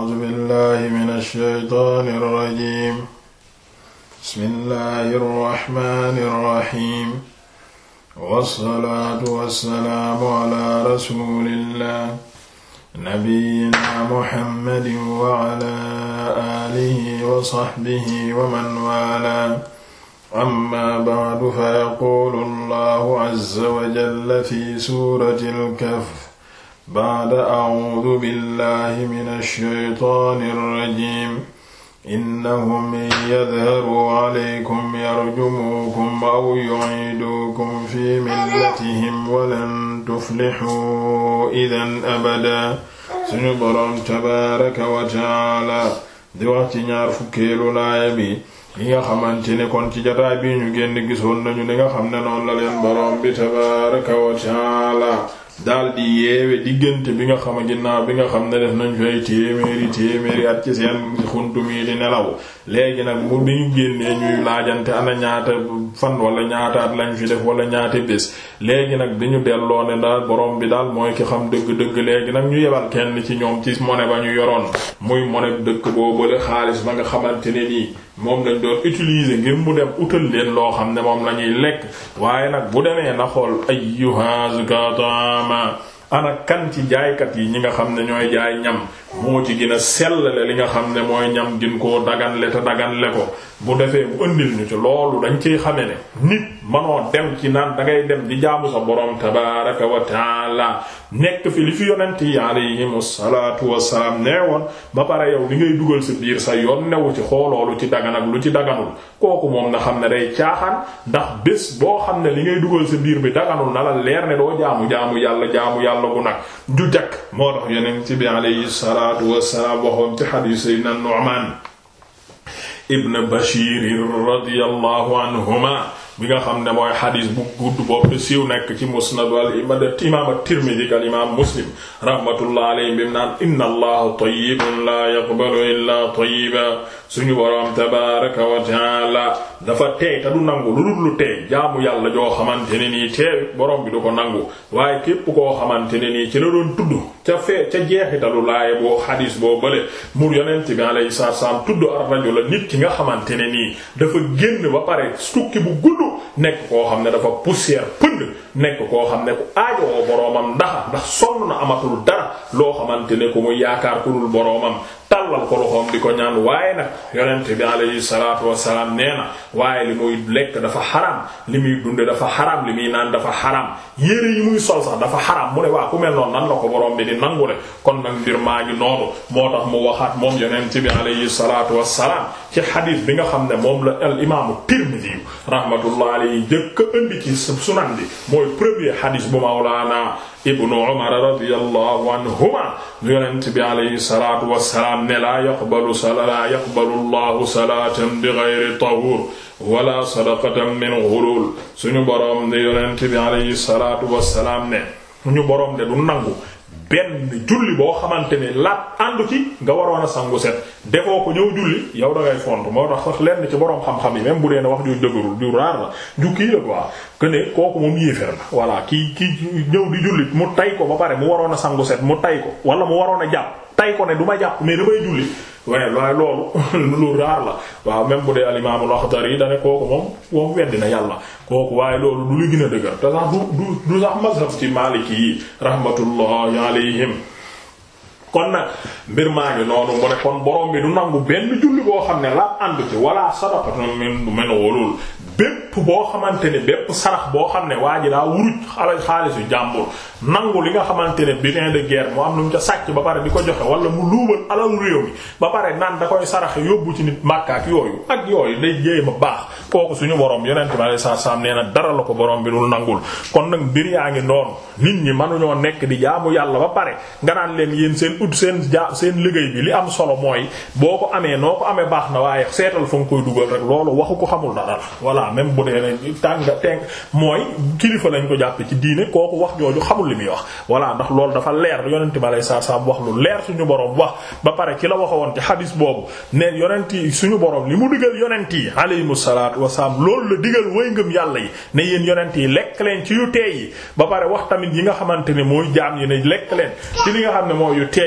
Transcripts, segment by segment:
أعوذ بالله من الشيطان الرجيم بسم الله الرحمن الرحيم والصلاة والسلام على رسول الله نبينا محمد وعلى آله وصحبه ومن والاه أما بعد فيقول الله عز وجل في سورة الكهف baada acuudu billahi min alsheytaani alrajim innahum in yadharuu calaykum yarjumuukum aw yuciiduukum fi millatihim walan tuflixuu idan abada suñu boroom tabaaraka wa tacaala di wax ci ñaar fukkeelu laaya bi yi nga xamante ne kon ci jataay bi ñu génn gisoon nañu li nga xam ne noonu la leen boroom bi tabaaraka wa tacaala daldi yeewe diggante bi nga xam a ginnaaw bi nga xam ne def nañ fay téeméeri téeméeri at ci seen xuntum yi di nelaw léegi nag mu bi ñu génnee ñuy laajante ana ñaata fan wala ñaata at lañ fi def wala ñaata bés léegi nag bi ñu delloo ne daal borom bi daal mooy ki xam dëgg-dëgg léegi nag ñu yebal kenn ci ñoom ci monnaie ba ñu yoroon muy monnaie dëkk boobale xaalis ba nga xamante ne nii moom lañ doon utiliser ngir mu dem utal leen loo xam ne moom la ñuy lekk waaye bu demee na xool taama ana kan ci jaaykat yi ñi nga xam ne ñooy jaay ñam moo ci gën a sellale li nga xam ne mooy ñam gin ko daganle te daganle ko bu defee mu ëndil ñu ci loolu dañ ciy xame ne nit manoo dem ci naan da ngay dem di jaamu sa boroom tabaraka wa taala nekk fi li fi yonent yi alayhimu salaatu wasalaam nee woon ba pare yow li ngay dugal sa biir sa yoon newu ci xooloolu ci dagan lu ci daganul kooku moom na xam ne day caaxaan ndax bés boo xam ne li ngay dugal sa biir bi daganul na la leer ne doo jaamu-jaamu yàlla jaamu yàlla bu nag ju jakk moo tax yonent bi alayhi salaatu wasalaam waxoon ci hadiis Seydina Nu'man ibn Bashir radiyallahu anhuma bi nga xam ne mooy xadis bu gudd boobu te nekk ci musnad al imaam at-Tirmidhi al imaam Muslim rahmatullah alayhi bi naan inna allaha tayyibun la yaqbalu illa tayyiba suñu boroom tabaraka wa dafa te du nangu lu dul lu teey jaamu yàlla joo xamante ne nii teey boroom bi du ko nangu waaye képp koo xamante ne nii ci la doon tudd ca jeexita ca jeexitalu laaye boo xadis boo bële mu yonent bi alayhi salaam tudd ar-rajul la ki nga xamante ne nii dafa génn ba pare tukki bu gudd loolu nekk koo xam ne dafa poussière pënd nekk koo xam ne ku aajowoo boroomam ndax ndax sonn na amatul dara loo xamante ne ku mu yaakaar ku dul boroomam tàllal ko loxoom di ko ñaan waaye nag yonent bi alayhi salaatu wassalaam nee na waaye li muy lekk dafa xaraam li muy dunde dafa xaraam li muy naan dafa xaraam yére yi muy sol sax dafa xaraam mu ne waa ku mel noonu nan la ko boroom bi di nangu kon nag mbir maa ngi noonu moo tax mu waxaat moom yonent bi ci xadis bi nga xam ne moom la al imaamu Tirmidi rahmatullah alayhi jëkk a indi ci sunan bi mooy premier xadis bu mawlaana ibnu Umar radiyallahu anhuma yonent bi alayhi salaatu wassalaam ne laa yaqbalu laa yaqbalu allahu salaatan bi gayri tahuur wala sadaqatan min ghuluul suñu boroom de yonent bi alayhi salaatu wassalaam ne ñu boroom de du nangu benn julli boo xamante ne laat àndu ci nga waroon a sangu set defoo ko ñëw julli yow da ngay font moo tax sax lenn ci boroom xam-xam yi même bu dee ne wax ju dëgërul ju raar la ju kii la quoi que kooku moom yéefér la voilà kii kii ñëw di julli mu tay ko ba pare mu waroon a sangu set mu tay ko wala mu waroon a jàpp tay ko ne du ma jàpp mais damay julli waaye waaye loolu lu raar la waaw même bu dee al imam al-Akhdari da ne kooku moom moom weddi na yàlla kooku waaye loolu du lu gën a dëgër te sax du du du sax mazhab ci Maliki yi rahmatullahi alayhim kon nag mbir maa ngi noonu mu ne kon borom bi du nangu benn boo xam ne laab ànd ci wala sadaqatun min du men wolul bépp boo xamante ne bépp boo xam ne waa ji daa wuruj xala xaalisu jàmbur nangu li nga xamante ne butin de guerre mu am lu mu ca sàcc ba pare di ko joxe wala mu luubal alalu réew mi ba pare naan da koy saraxe yóbbu ci nit Makka ak yooyu ak yooyu day jéey baax kooku suñu borom yonent bi saa saam nee na dara la ko borom bi dul nangul kon nag mbir yaa ngi noonu nit ñi mënuñoo nekk di jaamu yàlla ba pare nga naan leen yéen seen ut seen ja seen liggéey bi li am solo mooy boo ko amee noo ko amee baax na waaye seetal fa nga koy dugal rek loolu waxu ko xamul dara la voilà même bu dee ne tàng tenk mooy kilifa lañ ko jàpp ci diine kooku wax jooju xamul li muy wax voilà ndax loolu dafa leer yonent bi alay saa salaam wax lu leer suñu borom wax ba pare ci la waxoon ci xadis boobu ne yonent yi suñu borom li mu digal yonent yi alayhimu salaatu wasalaam loolu la digal way ngëm yàlla yi ne yéen yonent yi lekk leen ci yu teey ba pare wax tamit yi nga xamante ne mooy jaam yi ne lekk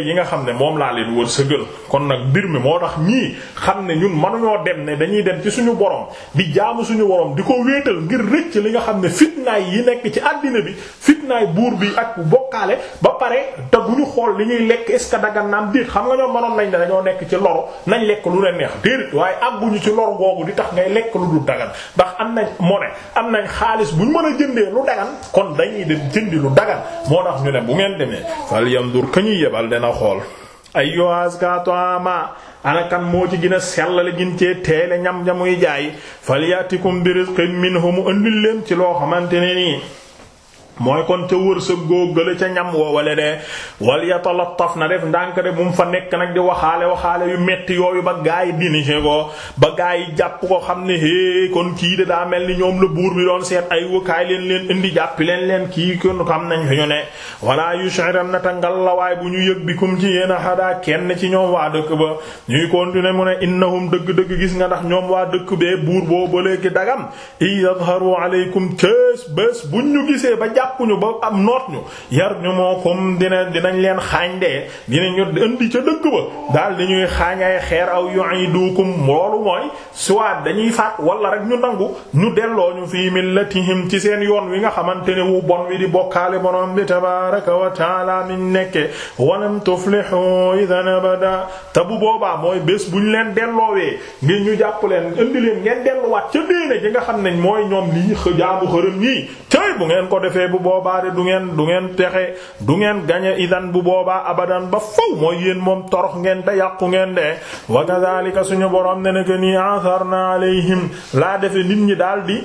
tey yi nga xam ne moom laa leen wërsëgal kon nag mbir mi moo tax ñii xam ne ñun mënuñoo dem ne dañuy dem ci suñu borom di jaamu suñu borom di ko wéetal ngir rëcc li nga xam ne fitnaay yi nekk ci àddina bi fitnaay buur bi ak bu bokkaale ba pare te duñu xool li ñuy lekk est-ce que dagan naam déet xam nga ñoom mënoon nañ ne dañoo nekk ci loro nañ lekk lu leen neex déedéet waaye àgguñu ci loro googu di tax ngay lekk lu du dagan ndax am nañ monnaie am nañ xaalis buñ mën a jëndee moo ñu ne bu ngeen a xool ay yoas katoama anakan moo ci gën a sellale gin cee teele ñam ñamuy jaay falyatikum bi rizqin minhu mu ëndil leen ci loo xamante nii mooy kon ca wërsëg góogale ca ñam woowale de wal yatalattaf na def ndànk de bu mu fa nekk nag di waxaale waxaale yu metti yooyu ba gaa yi dinise ko ba gaa yi jàpp ko xam ne hé kon kii de daa mel ni ñoom la buur bi doon seet ay wëkkaay leen leen indi jàppi leen leen kii kon xam nañ fi ñu ne walla yushiran nata ngallawaay bu ñu yëg bi kum ci yéen a xadaa kenn ci ñoom waa dëkk ba ñuy continuer mu ne innahum dëgg-dëgg gis nga ndax ñoom waa dëkk bee buur boo balee ki dagam i yadharu jàppuñu ba am noot ñu yar ñu moo comme dina dinañ leen xaañ de dinañu indi ca dëgg ba daal di ñuy xaañ xeer aw yu'idukum loolu mooy soit dañuy faat wala rek ñu nangu ñu delloo ñu fii millatihim ci seen yoon wi nga xamante ne wu bon wi di bokkaale borom bi tabaaraka wa taala miñ nekke walam tuflihu idan abada te bu boobaa mooy bés buñ ngir ñu jàpp leen indi leen ngeen delluwaat ca déene ji nga xam ne mooy ñoom li jaamu xërëm ñii tey bu ngeen ko defee bu boobaa de du ngeen du ngeen texe du ngeen gañe idan bu boobaa abadan ba faw mooy yéen moom torox ngeen te yàqu ngeen de wa kadhalika suñu borom ne ne que nii atharna alayhim laa defe nit ñi daal di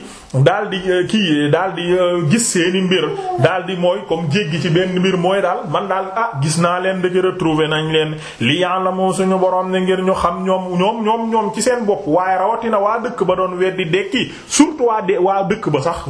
dal di euh, kii daal di euh, gis seeni mbir daal di mooy comme jéggi ci benn mbir mooy daal man daal ah gis naa leen dëgg retrouver nañ leen li la ya'lamu suñu boroom ne ngir ñu xam ñoom ñoom ñoom ñoom ci seen bopp waaye rawatina waa dëkk ba doon weddi dekki surtout waa de waa sax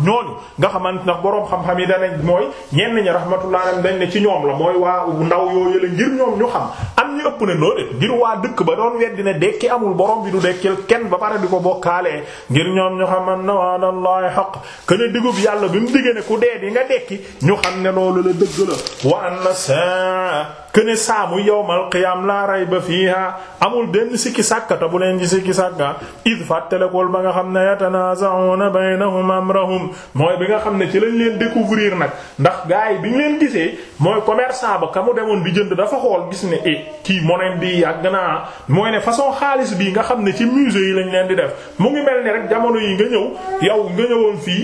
ñi danañ mooy ñenn ñi rahmatullah alayhim dañ ne ci ñoom la mooy waa ndaw yoo yële ngir ñoom ñu xam am ñu ëpp ne loolu ngir waa dëkk ba doon weddi ne dekki amul borom bi du dekkil kenn ba pare di ko bokkaalee ngir ñoom ñu xam an na waanallahi xaq kene digub yàlla bi mu diggee ne ku dee di nga dekki ñu xam ne loolu la dëgg la wa anna saa këne saamu yawmal qiyaam laa rayba fiiha amul benn sikki sàkka te bu leen ci sikki sàkka id fàttalekol ba nga xam ne na baynahum amrahum mooy bi nga xam ne ci lañ leen découvrir nag ndax gars bi ñu leen gisee mooy commerçant ba ka mu demoon di jënd dafa xool gis ne e kii moneen bi yàgg naa mooy ne façon xaalis bii nga xam ne ci musée yi lañ leen di def mu ngi mel ni rek jamono yi nga ñëw yow nga ñëwoon fii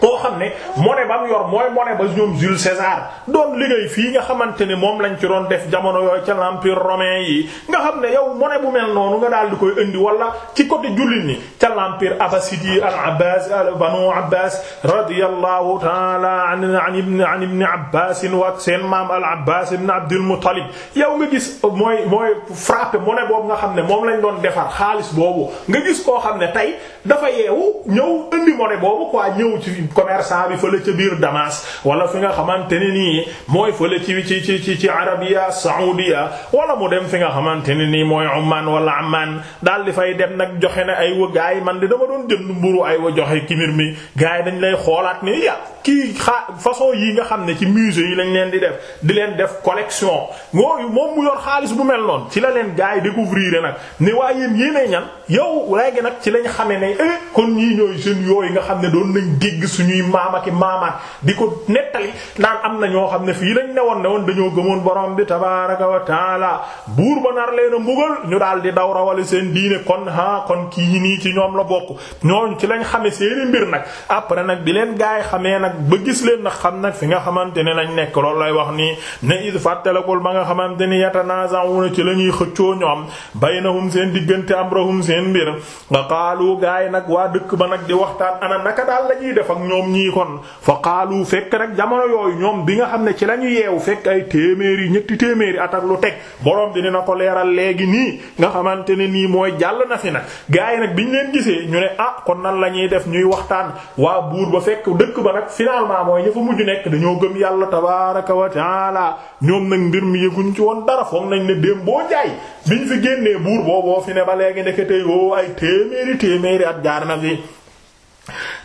koo xam ne monnaie ba mu yor mooy monnaie ba ñoom Jules César doon liggéey fii nga xamante ne moom lañ ci doon def jamono yooyu ca l'empire romain yi nga xam ne yow monnaie bu mel noonu nga daal di koy indi wala ci côté jullit ni ca l'empire abbasside yi al abbas banu abbas radiyallahu ta'ala an an ibn an ibn abbas wa seen maam al abbas ibn abdul muttalib yow nga gis mooy mooy frappé monnaie boobu nga xam ne moom lañ doon defar xaalis boobu nga gis koo xam ne tey dafa yeewu ñëw indi commerçant bi fële ca biir Damas wala fi nga xamante ne nii mooy fële ci ci ci ci ci Arabia Saoudia wala mu dem fi nga xamante ne nii mooy Oman wala Amman daal di fay dem nag joxe na ay wa gaay man di dama doon jënd mburu ay wa joxe kimir mi gaay dañ lay xoolaat ni ya kii xaa façon yi nga xam ne ci musée yi lañ leen di def di leen def collection mooyu moom mu yor xaalis bu mel noonu ci la leen gaay découvrir nag ni waa yéen yéenee ñan yow léegi nag ci lañ xamee ne eh kon nga xam ne doon nañ dégg suñuy maama ki maamaat di ko nettali naan am na ñoo xam ne fii lañ newoon ne woon dañoo gëmoon borom bi tabaaraka wa taala buur ba nar leen a mbugal ñu daal di kon ha kon kii nii ci ñoom la bokk ñooñu ci lañ xame seeni mbir nag après nag bi leen gaay xamee nag ba gis leen nag xam nag fi nga xamante ne lañ nekk loolu lay wax nii ne id fàttalakul ba nga xamante ni yatanaza'una ci la ñuy xëccoo ñoom baynahum seen diggante amrahum seen mbir nga xaalu gaay nag waa dëkk ba nag di waxtaan ana naka daal lañuy def ñoom ñii kon fa xaalu fekk nag jamono yooyu ñoom bi nga xam ne ci la ñu yeewu fekk ay téeméeri ñetti téeméeri at ak lu teg boroom bi dina ko leeral léegi nii nga xamante ne nii mooy jàll na fi nag gars yi nag bi ñu leen gisee ñu ne ah kon nan la ñuy def ñuy waxtaan waa buur ba fekk dëkk ba nag finalement mooy ña fa mujj nekk dañoo gëm yàlla tabaaraka wa taala ñoom nag mbir mi yëguñ ci woon dara foog nañ ne déem boo jaay biñ fi génnee buur booboo fi ne ba léegi ndeketey ay téeméeri téeméeri at jaar na fi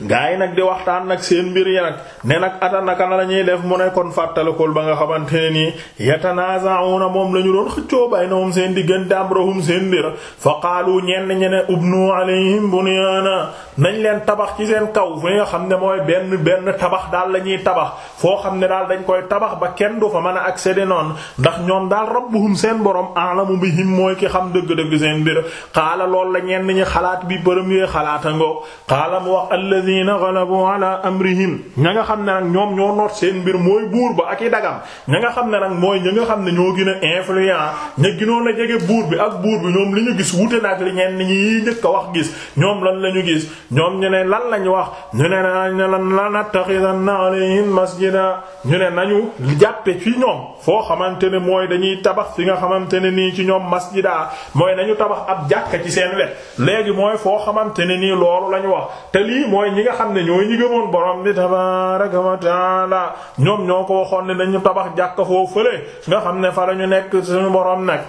gaa yi nag di waxtaan nag seen mbir yi nag ne nag ata naka la ñuy def mu ne kon fàttalikul ba nga xamante ne nii na moom la ñu doon xëccoo baynahum seen diggante amrahum seen mbir fa qaalu ñenn ñene ubnu alayhim bunyaana nañ leen tabax ci seen kaw fi nga xam ne mooy benn benn tabax daal la ñuy tabax foo xam ne daal dañ koy tabax ba kenn du fa mën a accéder noonu ndax ñoom daal rabbuhum seen borom a'lamu bihim mooy ki xam dëgg-dëgg seen mbir xaala lool la ñenn ñi xalaat bi premier xalaata ngoo xaala mu wax alladhina ghalabu ala amrihim ña nga xam ne nag ñoom ñoo noot seen mbir mooy buur ba ak i dagam ña nga xam ne nag mooy ña nga xam ne ñoo gën a influent ña ginoon a jege buur bi ak buur bi ñoom li ñu gis wute na ak li ñenn ñi njëkk wax gis ñoom lan lañu gis ñoom ñu ne lan lañu wax ñu ne lan la nattaxidanna alayhim masjida ñu ne nañu jàppe ci ñoom foo xamante ne mooy dañuy tabax fi nga xamante ne nii ci ñoom masjida mooy nañu tabax ab jàkka ci seen wet léegi mooy foo xamante ne nii loolu lañu wax te lii mooy ñi nga xam ne ñooy ñi gëmoon borom bi tabaaraka wa taala ñoom ñoo ko waxoon ne nañu tabax jàkka foo fële nga xam ne fa lañu nekk suñu borom nag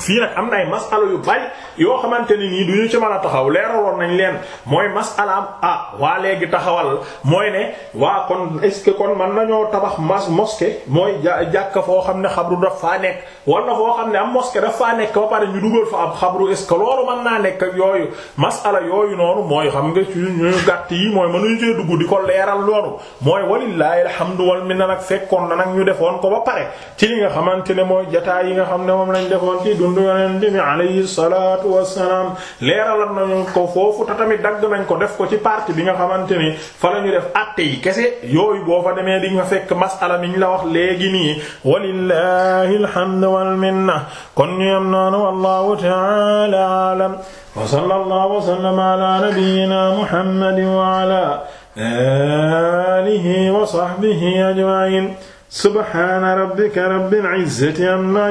fii nag am na ay masala yu bari yoo xamante ni nii du ñu ci mën a taxaw leeraloon nañ leen mooy masalaam ah waa léegi taxawal mooy ne waa kon est-ce que kon mën nañoo tabax mas mosquée mooy jàkka foo xam ne xabru daf faa nekk wala foo xam ne am mosquée daf faa nekk ba pare ñu dugal fa ab xabru est-ce que nekk yooyu masala yooyu noonu mooy xam nga ci yi mooy mënuñu cee dugg di ko leeral loolu mooy walillahi alhamdu wal minna nag fekkoon na nag ñu defoon ko ba pare ci li nga xamante ne mooy jotaay yi nga xam ne moom lañ defoon ci dund yonent bi alayhi salaatu wassalaam leeralal nañu ko foofu te tamit dagg ko def ko ci partie bi nga xamante ni fa la ñu def àtte kese yooyu boo fa demee di nga fekk masala mi ñu la wax léegi nii walillahi alhamdu wal minna kon ñu yam noonu wallahu ta'ala a'lam wa sallallahu wa sallama ala nabiyyina muhammadin wa ala alihi wa sahbihi ajma'in subhana rabbika rabbil izzati amma